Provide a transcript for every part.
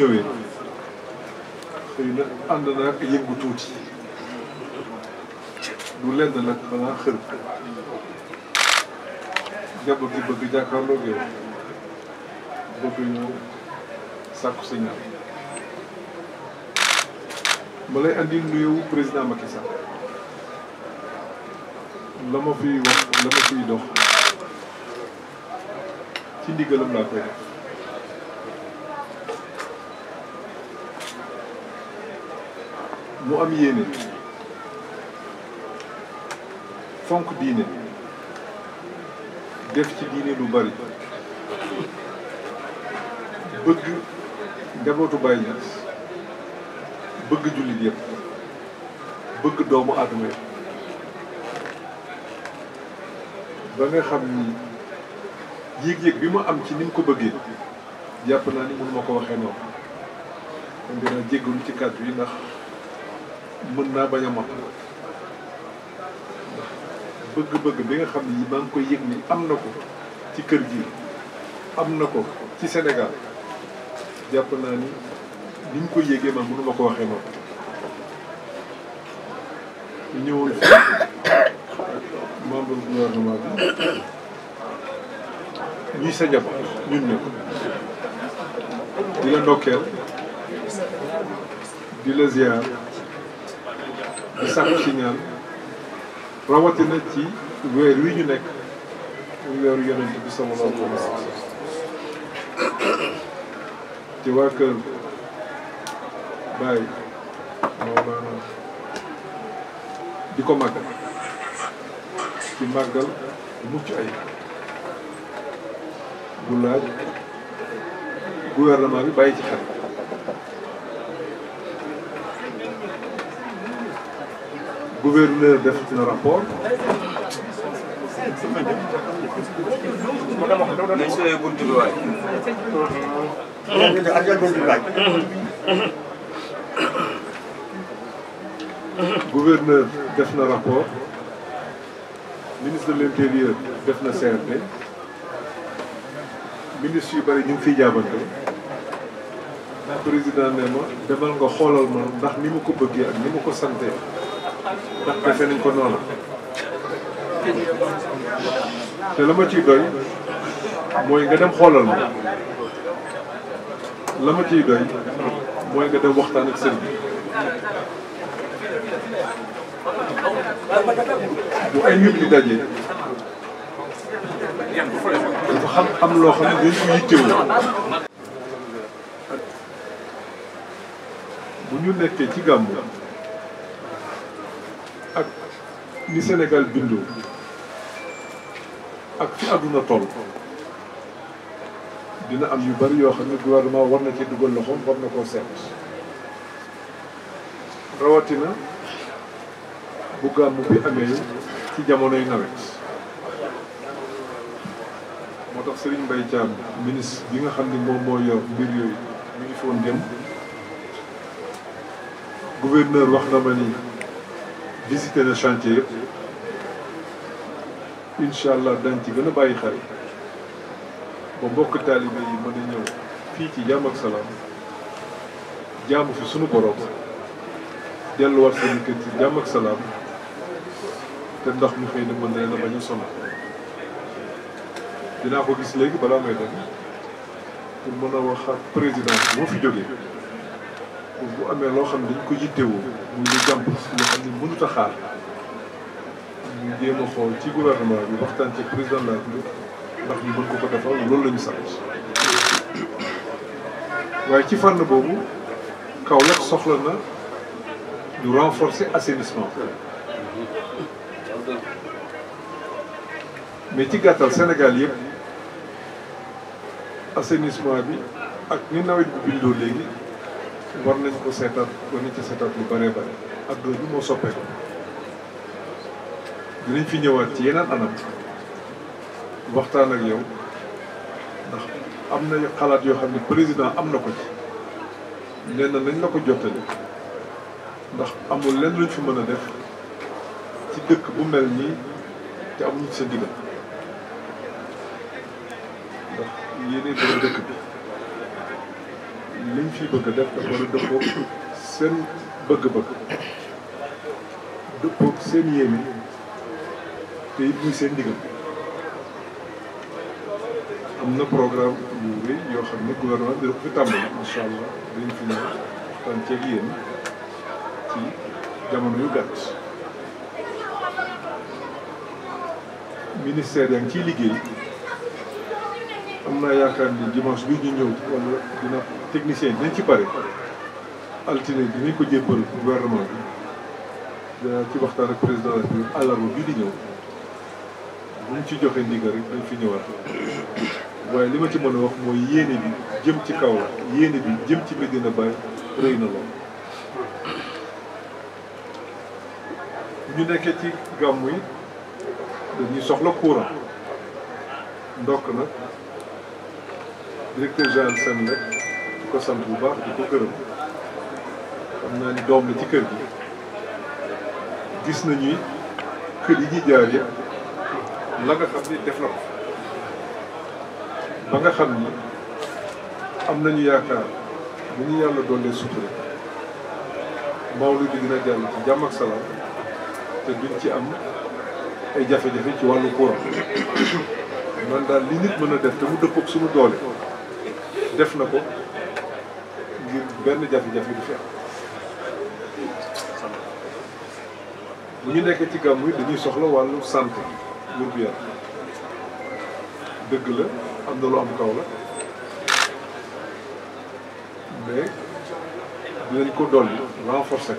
ñëwee xëy na ànd naa ak yëngu tuuti du lenn nag balaa xër njaboot gi bëgg jàkkaarloo yow sàkku sa ñaan ma lay andi nuyu président Macky Sall la ma fiy wax la ma fiy dox ci ndigalam laa koy mu am yéene fonk diine def ci diine lu bari bëgg njabootu Baay bëgg jullit yëpp bëgg doomu aadama yëpp ba nga xam ni yéeg-yéeg bi mu am ci ni mu ko bëggee jàpp naa ni mënu ma ko waxee noonu kon dina jéggalu ci kàddu yi ndax mën naa bañ a bëgg-bëgg bi nga xam ne maa ngi koy yëg ni am na ko ci kër gi am na ko ci Sénégal jàpp naa ni ni ñu ko yëgee man mënu ma ko waxee noonu ñu ñëwoon ñuy sa njaboot ñun ñëpp di la ndokkeel di la ziar di sàkku si ñaan rawatina ci weer wi ñu nekk muy weeru yonent bi sallallahu alayhi wa sallam ci ko màggal ci màggal mucc ay bu laaj gouvernement bi bàyyi ci xel gouverneur def ci le rapport. nañ na rapport ministre l'intérieur def na CRD ministre yu bari ñu fi fiy jaabante président ne demal nga xoolal ma ndax ni mu ko bëggee ak ni ma ko santee nañ ko noonu te la ma ciy doy mooy nga dem xoolal ma la ma ciy doy mooy nga dem waxtaan ak sëñ bi bu ay nit di daje dafa xam am loo xam ne dañ ko yittewoo bu ñu nekkee ci gàmmu ni Sénégal bindoo ak fi àdduna toll dina am yu bari yoo xam ne gouvernement war na ci dugal loxoom war na koo seet rawatina bu gàmmu bi amee ci jamonoy nawet moo tax Serigne bay Thiam ministre bi nga xam ne moom moo yor mbir yooyu mi ngi foon dem gouverneur wax na ma ni visité na chantier incha allah dañ ci gën a bàyyi xel ba mbokk taalibe yi mën a ñëw fii ci jàmm ak salaam jaamu fi sunu borom delluwaat seen kër ci jàmm ak salaam te ndox mi xëy na mën na leen dinaa ko gis léegi balaa may dem pour mën a wax ak président moo fi jógee bu amee loo xam ne dañ ko yittewoo muy lu jàmp loo xam ne mënut a ñu jéem a ci gouvernement bi waxtaan ci président de la ndax ñu mën ko ko loolu lañu ñu waaye ci fànn boobu Kaolack soxla na lu renforcer assainissement mais ci gàttal senegal yëpp assainissement bi ak ni nawet bi bindoo léegi war nañ ko seetaat war ci seetaat lu bëree bëri ak doon bi moo soppeeku dinañ fi ñëwaat ci yeneen anam waxtaan ak yow ndax am na xalaat yoo xam ne président am na ko ci nee na nañ la ko jottali ndax amul lenn luñ fi mën a def ci dëkk bu mel nii te amuñ sa ndigal ndax yéene bëgg dëkk bi liñ fi bëgg a def dafa war a seen bëgg-bëgg dëppoo seen yéene te it muy seen ndigal am na programme yu rëy yoo xam ne gouvernement bi dafa fi tàmbali incha allah dañ fi ñëw tànceeg yéen ci jamono yu gàtt ministère yaa ngi ciy liggéey am naa yaakaar ni dimanche bi ñu ñëw wala dina technicien dinañ ci pare bi dinañ ko jébbal gouvernement bi dina ci waxtaan ak président de la di ñëw buñ ci joxe ndigal rek dañ fi ñëwaat waaye li ma ci mën a wax mooy yéene bi jëm ci kaw la yéene bi jëm ci Medina Baye rëy na lool. ñu nekkee ci gàmmu yi dañuy soxla courant ndokk nag directeur général seen di ko sant bu baax di ko gërëm xam naa ni doom la ci kër gi gis nañuy kër yi ñuy jaar yëpp la nga xam ni def na ko ba nga xam ni am nañu yaakaar ni ñu yàlla doole sutura mawlu bi dina jàll ci jàmm ak salaam te duñ ci am ay jafe-jafe ci wàllu courant man daal li nit mën a def te mu dëppook suñu doole def na ko ngir benn jafe-jafe du fi am bu ñu nekkee ci gàmmu yi dañuy soxla wàllu santé wér gu dëgg la am na lu am kaw la mais dinañ ko dolli renforcer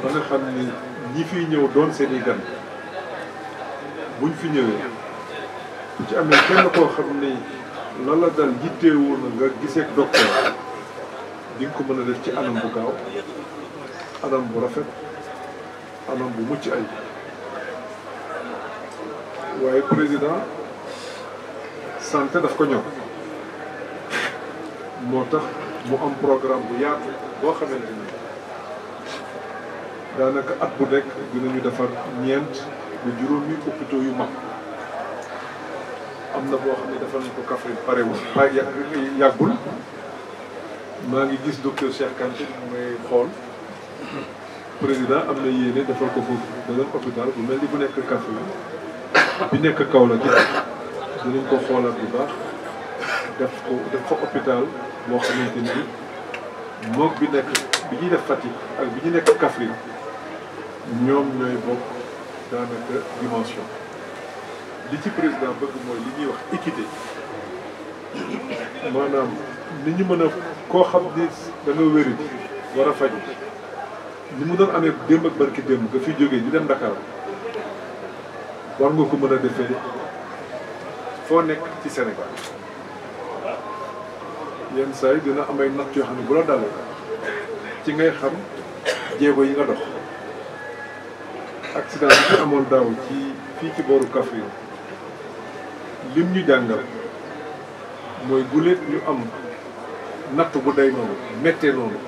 ko ba xam ni ñi fiy ñëw doon seeni i gan buñ fi ñëwee ci amee kenn koo xam ni la la dal yitteewoon nga giseek docteur di nga ko mën a def ci anam bu gaaw anam bu rafet anam bu mucc ay waaye président santé daf ko ñor moo tax mu am programme bu yaatu boo xamante ni daanaka at bu nekk ñu defar ñeent bu juróomi hôpitaux yu mag am na boo xam ne defal nañ ko Kaffrine parewul yàggul maa ngi gis docteur Cheikh Kanté mu may xool président am na yéene defal ko foofu beneen hôpital bu mel ni bu nekk Kaffrine bi nekk la gi dinañ ko xoolaat bu baax def ko def fa hôpital moo xamante ni moog bi nekk bi ñuy def Fatick ak bi ñu nekk Kaffrine ñoom ñooy bokk daanaka dimension li ci président bëgg mooy li ñuy wax équité maanaam ni ñu mën a koo xam ni da nga wéri war a faj ni mu doon amee démb ak barki démb nga fi jógee ñu dem Dakar war nga ko mën a defee foo nekk ci Sénégal yenn saa yi dina am ay natt yoo xam ne bu la dalee ci ngay xam jéego yi nga dox accident bi ci amoon daaw ci fii ci booru Kaffrine lim ñu jàngal mooy guléet ñu am natt bu day noonu méttee noonu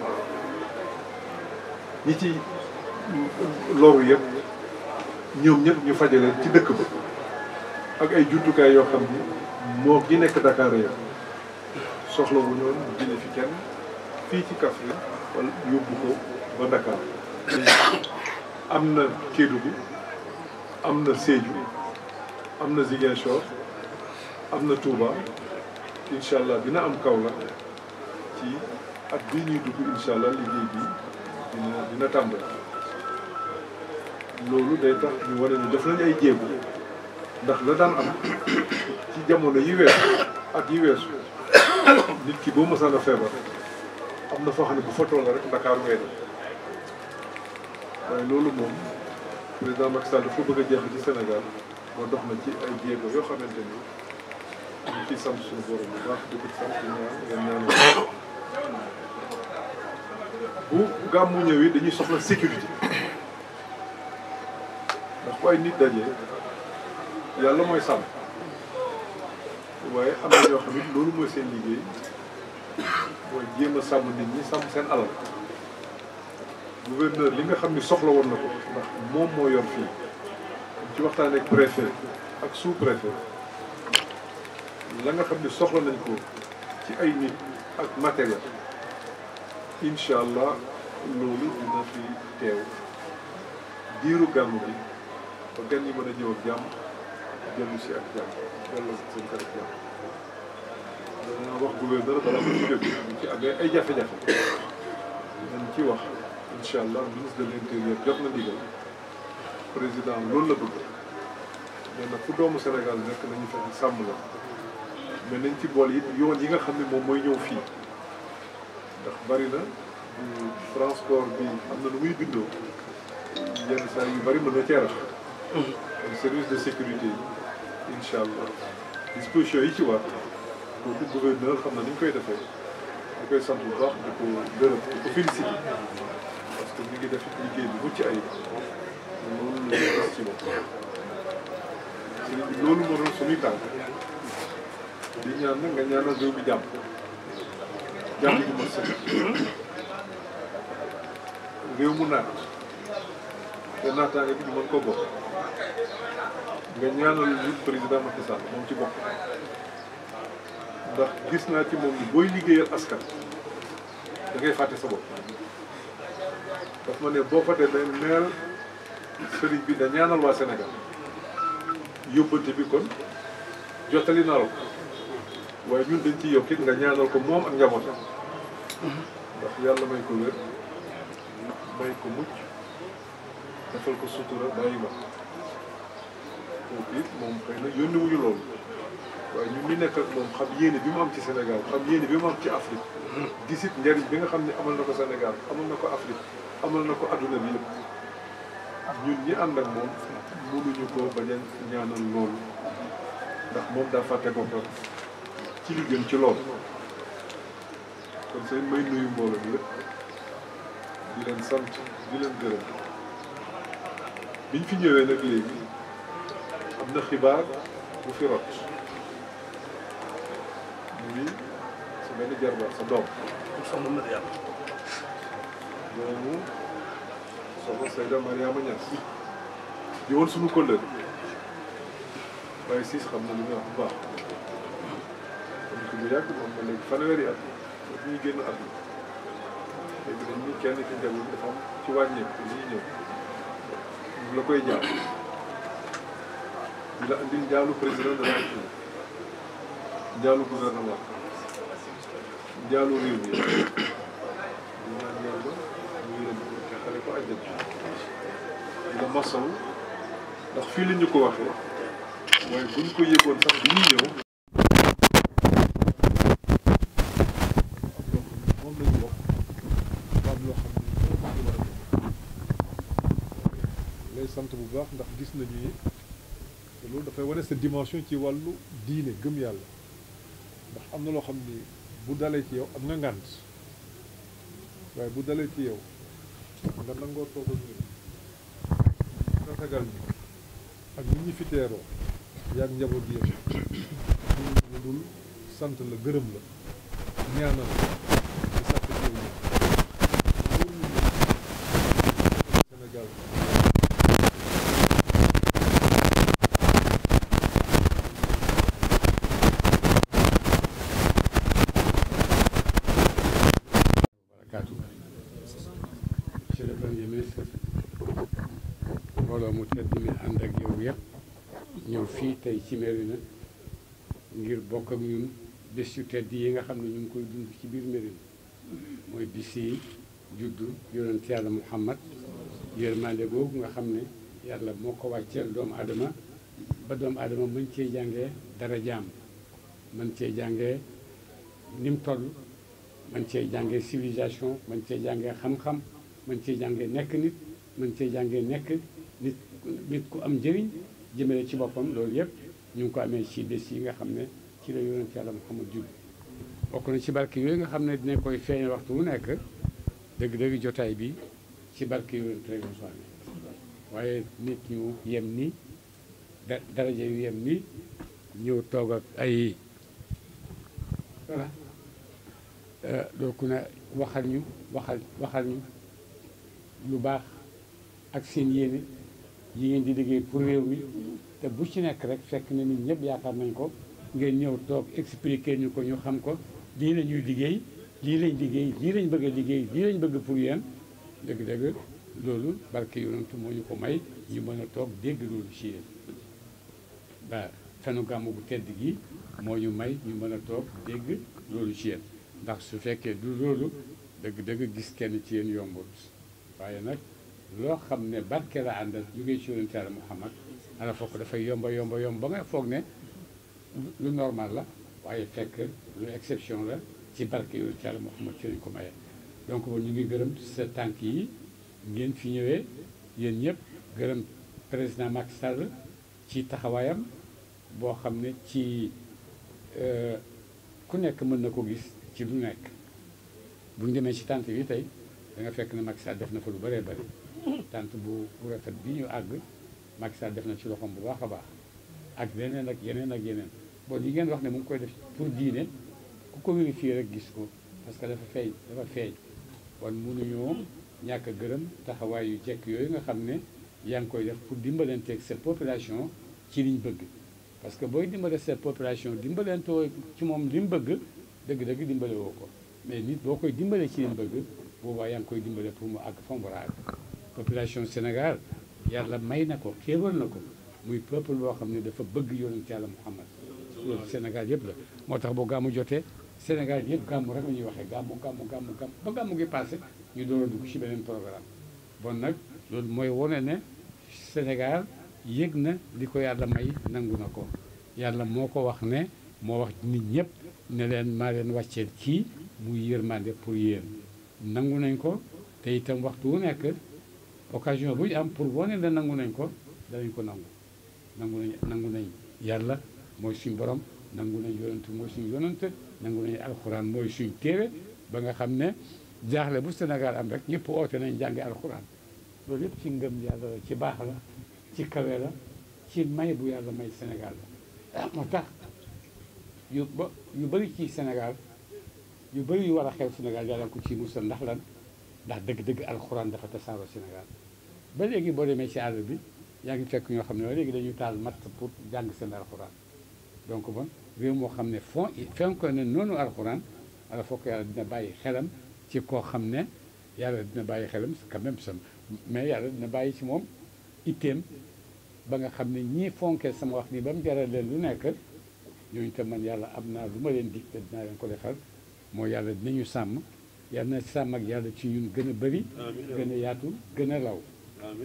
ñi ci loolu yëpp ñoom ñëpp ñu fajaleen ci dëkk ba ak ay jumtukaay yoo xam ni moo gi nekk Dakar ya soxla wu ñoon jële fi kenn fii ci Kaffrine wala yóbbu ko ba Dakar am na bi am na Sédhiou am na Ziguinchor am na Touba incha allah dina am Kaolack ci at bii ñuy dugg incha liggéey bi dina tàmbali loolu day tax ñu wane ni def nañu ay jéego ndax la daan am ci jamono yi weesu ak yi weesu nit ki boo mësaan a feebar am na foo xam ne bu fa toll rek Ndakaaru ngay waaye loolu moom président Macky Sall dafa bëgg a jeex ci Sénégal ba dox na ci ay jéego yoo xamante ni suñu borom bu baax di ko bu gàmmu ñëwee dañuy soxla sécurité. ndax ku ay nit dajee yàlla mooy sàmm waaye am na ñoo xam it loolu mooy seen liggéey mooy jéem a sàmm nit ñi sàmm seen alal gouverneur li nga xam ni soxla woon na ko ndax moom moo yor fii ci waxtaan ak préfet ak sous préfet la nga xam ni soxla nañ ko ci ay nit ak matériel incha allah loolu dina fi teew diiru gàmmu bi ba gan yi mën a ñëw ak jàmm jënd si ak jàmm dellu seen kër wax gouverneur balaa muy jóg ñu ci amee ay jafe-jafe nañ ci wax incha allah ministre de l' intérieur jot na ndigal président loolu la bëgg mais nag fu doomu Sénégal nekk nañu fexe sàmm la mais nañ ci bool yi yoon yi nga xam ne moom mooy ñëw fii ndax bari na transport bi am na nu muy bindoo yenn saa yu bari mën na cee service de sécurité incha allah disposition yi ci war kooku gouverneur xam na ni ñu koy defee ñu koy sant bu baax di ko gërëm di ko félicité parce que ñu ngi def liggéey bi mucc ayib loolu la ñu gis ci bopp loolu moo doon suñuy tànk di ñaan nga ñaanal réew mi jàmm jàmm gi mos réew mu naat te naataange bi du mën ko bokk nga ñaanal li président Macky moom ci bopp ndax gis naa ci moom booy liggéeyal askan da fàtte sa bopp daf ma ne boo fàttee day neel sëriñ bi da ñaanal waa Sénégal yóbbante bi kon jottali naa la ko waaye ñun dañ ci yokkit nga ñaanal ko moom ak njabootam ndax yàlla may ko wér may ko mucc defal ko sutura bàyyi ma kooku moom xëy na yónni wuñu loolu waaye ñun ñu nekk moom xam yéene bi mu am ci Sénégal xam yéene bi mu am ci Afrique gisit njëriñ bi nga xam ne amal na ko Sénégal amal na ko Afrique amal na ko adduna bi yëpp ñun ñi ànd moom mënuñu ko bañ loolu ndax moom daa fàtte boppam ci li ci loolu kon seen may nuyu mbooloo bi di leen sant di leen gërëm biñ fi ñëwee nag léegi am na xibaar bu fi rot muy su mel ni jarbaar sa doom soxna mën a yàlla moomu soxna Seyda Mariama Niass di woon waaye siis xam na li muy bu baax am ci yàgg moom ma léegi fanweeri at daf ñuy génn at mi léegi dañ ni kenn ci njaboot dafa am ci wàññeeku ñuy ñëw la koy jaar nga indil njaalu président ndax fii la ñu ko waxee lay sant bu baax ndax gis nañu loolu dafay wane sa dimension ci wàllu diine gëm yàlla ndax am na loo xam ni bu dalee ci yow am nga ngànt waaye bu dalee ci yow nga nangoo toog ak ñun nga sagal ñu ak nit ñi fi teeroo yaag njaboot yëpp ñu sant la gërëm la ñaanal la fii tey ci Médina ngir bokk ak ñun bés yu tedd yi nga xam ne ñu ngi koy dund ci biir Médina mooy bisi yi juddu yonent yàlla Muhammad yërmande boobu nga xam ne yàlla moo ko wàcceel doomu adama ba doomu adama mën cee jànge dara jaam mën cee jàngee ni mu toll mën cee jànge civilisation mën cee jàngee xam-xam mën ci jànge nekk nit mën cee jàngee nekk nit nit ku am njëriñ jëmale ci boppam loolu yëpp ñu ngi ko amee ci bés yi nga xam ne ci la yonent yàlla Muhammad judd bokk na ci barke yooyu nga xam ne dina koy feeñal waxtu wu nekk dëgg-dëgg jotaay bi ci barke yonent rek la soo amee waaye nit ñu yem ni daraja yu yem ñëw toog ak ay voilà ku euh, ne waxal ñu waxal waxal ñu lu baax ak seen yéene yi ngeen di liggéey pour réew mi te bu ci nekk rek fekk na nit ñëpp yaakaar nañ ko ngeen ñëw toog expliquer ñu ko ñu xam ko lii lañuy liggéey lii lañ liggéey lii lañ bëgg a liggéey lii lañ bëgg pour yéen dëgg-dëgg loolu barke yonantu moo ñu ko may ñu mën a toog dégg loolu ci yéen ba fenu bu tedd gi moo ñu may ñu mën a toog dégg loolu yéen ndax su fekkee du loolu dëgg-dëgg gis kenn ci yéen yombut waaye nag loo xam ne barke la àndal jógee ci yonent Yàlla Muhammad ana fokk dafay yomba yomba yomb ba nga foog ne lu normal la waaye fekk lu exception la ci barke yonent Yàlla Muhammad ci lañ ko maye donc bon ñu ngi gërëm sa tànk yi ngeen fi ñëwee yéen ñëpp gërëm président Macky Sall ci taxawaayam boo xam ne ci euh, ku nekk mën na ko gis ci lu nekk bu ñu demee ci tànt bi tey da nga fekk ne Macky def na fa lu bëree bëri tant bu bu bi ñu àgg Macky def na ci loxoom bu baax a baax ak leneen ak yeneen ak yeneen bon yi ngeen wax ne mu ngi koy def pour diine ku ko vérifier rek gis ko parce que dafa feeñ dafa feeñ kon mënuñoo ñàkk gërëm taxawaay yu jekk yooyu nga xam ne yaa ngi koy def pour dimbalanteeg cette population ci liñ bëgg parce que booy dimbale cette population dimbalantoo ci moom li mu bëgg dëgg-dëgg dimbale woo ko mais nit boo koy dimbale ci liñ bëgg boobaa yaa ngi koy dimbale pour mu àgg fa population Sénégal yàlla may na ko xéewal na ko muy peuple boo xam ne dafa bëgg yonent yàlla Muhammad loolu Sénégal yëpp la moo tax boo gàmmu jotee Sénégal yëpp gàmmu rek la ñuy waxee gàmmu gàmmu gàmmu gàmmu ba gàmmu gi passé ñu door a dugg ci beneen programme bon nag loolu mooy wone ne Sénégal yëg na li ko yàlla may nangu na ko yàlla moo ko wax ne moo wax nit ñëpp ne leen maa leen wàcceel kii muy yërmande pour yéen nangu nañ ko te itam waxtu wu nekk occasion bu ñu am pour wane ne nangu nañ ko danañ ko nangu nangu nañ nangu nañ yàlla mooy suñ borom nangu nañ yonent mooy suñ yonent nangu nañ alxuraan mooy suñ téere ba nga xam ne jaaxle bu Sénégal am rek ñëpp oote nañ jàngi alxuraan loolu yëpp ci ngëm yàlla la ci baax la ci kawe la ci may bu yàlla may Sénégal la ah, moo tax yu ba yu bëri ci Sénégal yu bëri yu war a xew Sénégal yàlla ko ci musal ndax lan ndax dëgg-dëgg alxuraan dafa tasaaroo Sénégal ba léegi boo demee ci àll bi yaa ngi fekk ñoo xam ne léegi dañu taal matt pour jàng seen alxuraan donc bon réew moo xam ne fon fenkoon ne noonu alxuraan ala yàlla dina bàyyi xelam ci koo xam ne yàlla dina bàyyi xelam quand même sam mais yàlla dina bàyyi ci moom itteem ba nga xam ne ñii fonkee sama wax nii ba mu jaral leen lu nekk ñooñu te man yàlla am naa lu ma leen dig te dinaa leen ko defal moo yàlla dinañu sàmm yal na sàmm ak yàlla ci ñun gën a bëri gën a yaatu gën a law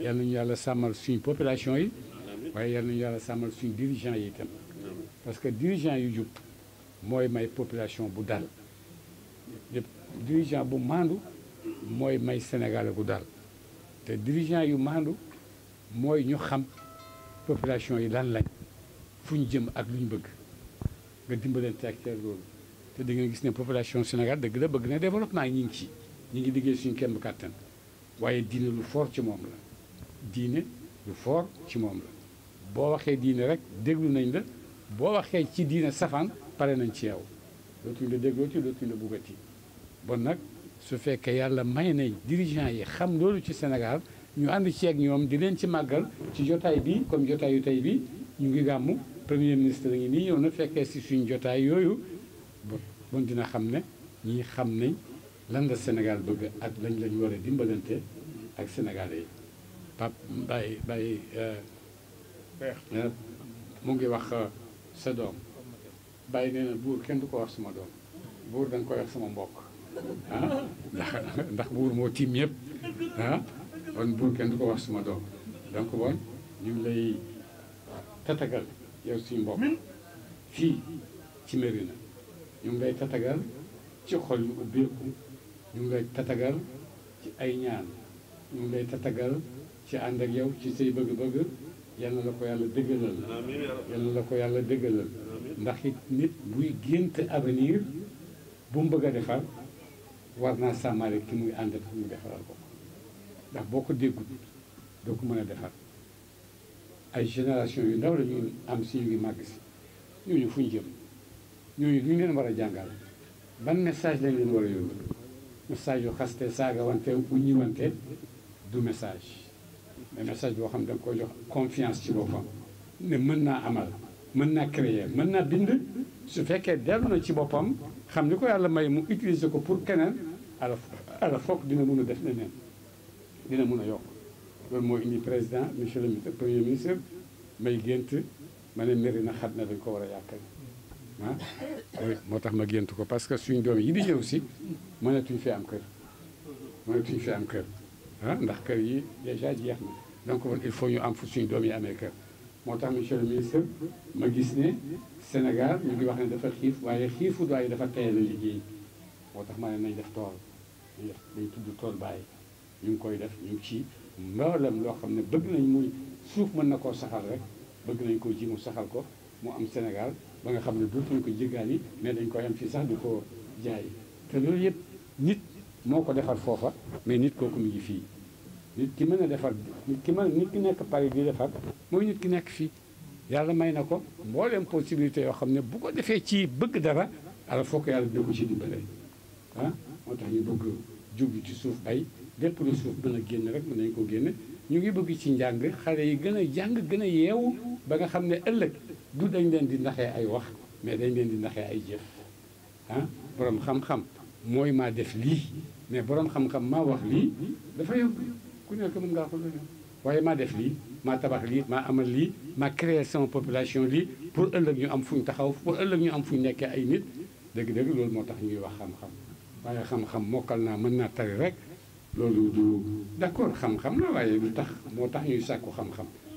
yal ñu yàlla sàmmal suñu population yi waaye yal nañu yàlla sàmmal suñu dirigeant yi itam parce que dirigeant yu jub mooy may population bu dal dirigeant bu maandu mooy may Sénégal bu dal te dirigeant yu maandu mooy ñu xam population yi lan lañ fu ñu jëm ak lu ñu bëgg nga dimbalante ak loolu te da gis ne population Sénégal dëgg la bëgg na développement ñu ngi ci ñu ngi liggéey suñu kenn kàttan waaye diine lu fort ci moom la diine lu fort ci moom la boo waxee diine rek déglu nañ la boo waxee ci diine safaan pare nañ ci yow dootuñ la déglooti dootuñ la buggati bon nag su fekkee yàlla may nañ dirigeant yi xam loolu ci Sénégal ñu ànd ci ak ñoom di leen ci màggal ci jotaay bi comme jotaay yu tey bi ñu ngi gàmmu premier ministre na ngi nii ñëw na fekkee si suñu jotaay yooyu bon dina xam ne ñi xam ne lan la Sénégal bëgg ak lañ lañ war dimbalante ak Sénégalais yi Pape Mbaye Mbaye euh, mu ngi wax euh, sa doom Baye nee buur kenn du ko wax sama doom buur da nga koy wax sama mbokk ah ndax buur moo tiim yëpp ah kon buur kenn du ko wax sama doom donc bon ñu lay tatagal yow suñu mbokk fii ci Médina ñu ngi lay tatagal ci xol yu ubbeeku ñu ngi lay tatagal ci ay ñaan ñu ngi lay tatagal ci ànd ak yow ci say bëgg-bëgg yal na la ko yàlla dëggalal ndax it nit buy gént avenir bu mu bëgg a defar war naa sàmmale ki muy ànd ak mu defaral ko ndax boo ko déggut doo ko mën a defar ay génération yu ndaw la ñu am si ñu ngi màgg si ñooñu fu ñu jëm ñooñu duñu leen war a jàngal ban message lañ ngeen war a yóbbu message yu xaste saaga wante bu ñi wante du message mais message boo xam da ko koy jox confiance ci boppam ne mën naa amal mën naa créer mën naa bind su fekkee dellu na ci boppam xam ni ko yàlla may mu utiliser ko pour keneen ala ala foog dina mun a def leneen dina mun a yokk loolu moo indi président monsieur le premier ministre may gént ma ne mairie na xat na dañ ko war a yàqal ah moo tax ma gént ko parce que suñ doom yi di ñëw si mënatuñ fi am kër mënatuñ fi am kër ah ndax kër yi déjà jeex na donc il faut ñu am suñ doom yi amee kër moo tax monsieur le ministre ma gis ne Sénégal ñu ngi wax ne dafa xiif waaye xiifu doy dafa teel a liggéey moo tax ma ne nañ def tool nañ tudd tool bàyyi ñu ngi koy def ñu ngi ci mboolam loo xam ne bëgg nañ muy suuf mën na koo saxal rek bëgg nañ koo ji saxal ko mu am Sénégal ba nga xam ne dootuñu ko jéggaan yi mais dañ koy am fii sax di ko jaay te loolu yëpp nit moo ko defar foofa mais nit kooku mu fii nit ki mën a defar ki mën nekk Paris di defar mooy nit ki nekk fii yàlla may na ko mbooleem possibilité yoo xam ne bu ko defee ci bëgg dara alors foo yàlla dina ci dimbale ah moo tax ñu bëgg jublu ci suuf bay lépp lu suuf mën a génn rek mën nañ ko génn ñu ngi bëgg ci njàng xale yi gën a jàng gën a yeewu ba nga xam ne ëllëg du dañ leen di naxee ay wax mais dañ leen di naxee ay jëf ah borom xam-xam mooy maa def lii mais borom xam-xam maa wax lii dafa yomb ku nekk mën ngaa ko la waaye maa def lii maa tabax lii maa amal lii ma créé sama population lii pour ëllëg ñu am fu ñu taxaw pour ëllëg ñu am fu ñu nekkee ay nit dëgg-dëgg loolu moo tax ñuy wax xam-xam waaye xam-xam mokkal naa mën naa tari rek loolu du d'accord xam-xam la waaye lu tax moo tax ñuy sàkku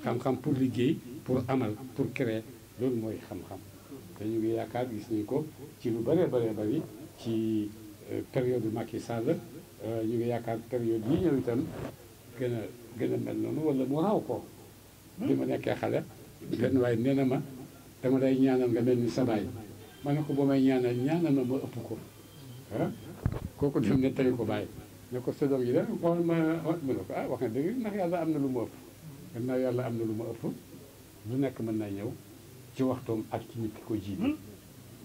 xam-xam liggéey pour amal pour créer loolu mooy xam-xam te ñu ngi yaakaar gis nañu ko ci lu bëree bëree bari ci euh, période Macky Sall euh, ñu ngi yaakaar période yi ñëw itam gën a gën a mel mu nekkee xale benn waaye nee na ma dama day ñaanal nga mel ni sa baay ma ne ko ba may ñaanal ñaanal ma ma ëpp ko ah, kooku dem ne tey ko bàyyi ne ko sa yi de xool ma mu ne ko ah wax nga dëgg ndax yàlla am na lu ma ëpp gannaaw yàlla am na lu ma ëpp lu nekk mën naa ñëw ci waxtoom ak ci nit ko jiite hmm?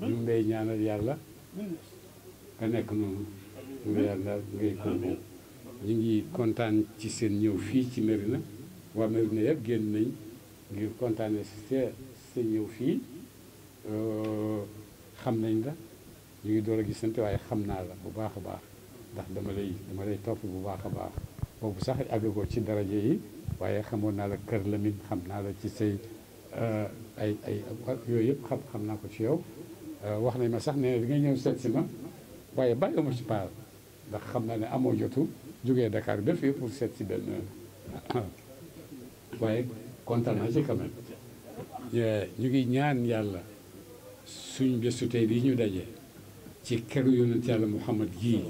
Hmm? ñu ngay ñaanal yàlla nga nekk noonu hmm? nga yàlla ñu ngi kontaan ci seen ñëw fii ci Mérina waa Mérina yëpp génn nañ ngir kontaane si see seen ñëw fii euh, xam nañ la ñu ngi door a gisante waaye xam naa la bu baax a baax ndax dama lay dama lay topp bu baax a baax boobu sax àggagoo ci daraja yi waaye xamoon naa la kër Lamine xam naa la ci say Euh, ay ay yooyu yëpp xam xam naa ko ci yow euh, wax nañ ma sax ne di ngay ñëw seet si ma waaye bàyyi ma ci paar ndax xam naa ne amoo jotu jógee dakaar ba fii pour seet si benn waaye kontaan naa ci quand euh, ñu ngi ñaan yàlla suñ bésu tey bi ñu daje ci këru yonent yàlla Muhammad gii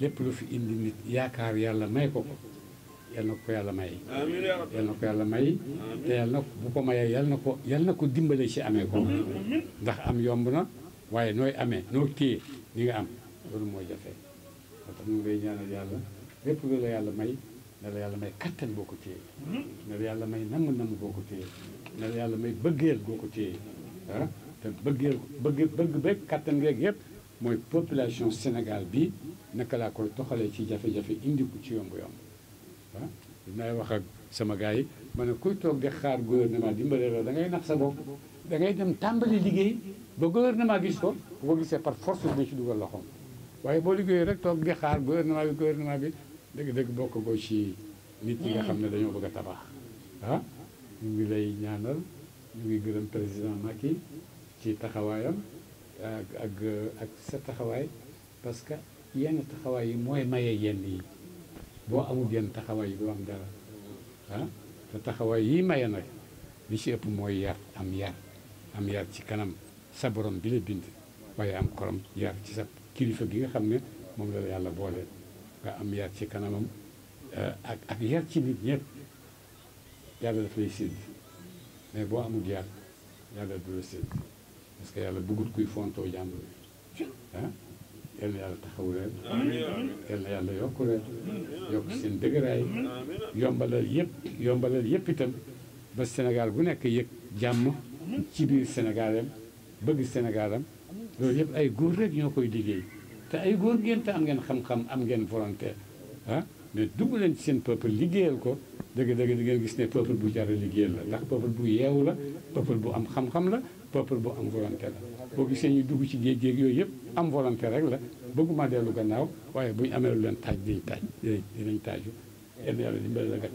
lépp lu fi indi nit yaakaar yàlla may ko ko yal na ko yàlla may yal na ko yàlla may te yal na ko mayee yal na ko yal na ko dimbale ci amee ko ndax am yomb na waaye nooy amee noo téye ni nga am loolu mooy jafe moo tax ñu ngay yàlla lépp lu yàlla may ne yàlla may kattan boo ko téye ne yàlla may namm namm boo ko téye ne yàlla may bëggeel goo ko téye ah te bëggeel bëgg bëgg bëgg kattan geeg yëpp mooy population Sénégal bi naka laa koy doxalee ci jafe-jafe indi ko ci yomb-yomb dinaay wax ak sama gars yi ma ne kuy toog di xaar gouvernement dimbale la da ngay nax sa bopp da ngay dem tàmbali liggéey ba gouvernement gis ko bu ko gisee par force dina ci dugal loxoom waaye boo liggéeyee rek toog di xaar gouvernement bi gouvernement bi dëgg-dëgg bokk ko ci nit ñi nga xam ne dañoo bëgg a tabax ah ngi lay ñaanal mu ngi gërëm président Macky ci taxawaayam ak ak sa taxawaay parce que yenn taxawaay yi mooy maye yenn yi boo amul yenn taxawaay yi doo am dara ah? te taxawaay yi maye nag li ci ëpp mooy yar am yar am yar ci kanam sa borom bi la bind waaye am korom yar ci sa kilifa gi nga xam ne moom la yàlla boole nga am yar ci kanamam eh, ak yar ci nit ñëpp yàlla daf lay sédd mais boo amul yar yàlla du la sédd parce yàlla bëggul kuy fontoo jàmbur yal na yàlla taxaw leen yal na yàlla yokk leen yokk seen dëgëraay yombalal yëpp yombalal yëpp itam ba Sénégal bu nekk yëg jàmm ci biir Sénégalam bëgg Sénégalam loolu yëpp ay góor rek ñoo koy liggéey te ay góor ngeen te am ngeen xam-xam am ngeen volonté mais ah, dugg leen ci seen peuple liggéeyal ko dëgg-dëgg di ngeen gis ne peuple bu jar a liggéeyal la ndax peuple bu yeewu la peuple bu am xam-xam la peuple bu am volonté la boo gisee ñu dugg ci géej géej yooyu yëpp am volonté rek la bëgguma dellu gannaaw waaye bu ñu amee lu leen taaj dinañ taaj dinañ taaju yenn yàlla dimbali la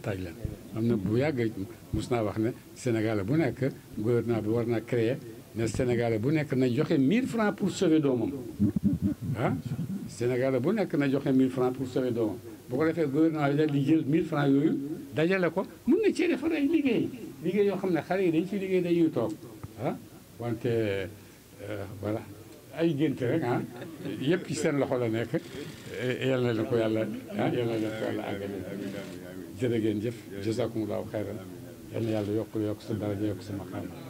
taaj leen am na bu yàgg mos naa wax ne Sénégal bu nekk gouvernement bi war na créer ne Sénégal bu nekk na joxe 1000 francs pour sauver doomam ah Sénégal bu nekk na joxe 1000 francs pour sauver doomam bu ko defee gouvernement bi daal di jël 1000 francs yooyu dajale ko mun na cee defar ay liggéey yoo xam ne xale yi dañ ci liggéey dañuy toog ah wante euh, voilà ay gént rek ah yëpp ci seen loxo la nekk eh, yal na leen ko yàlla ah yal na leen ko yàlla àggale jërë ngeen jëf jazakumullahu xayran yal na yàlla yokk yokk sa daraja yokk sa maqaama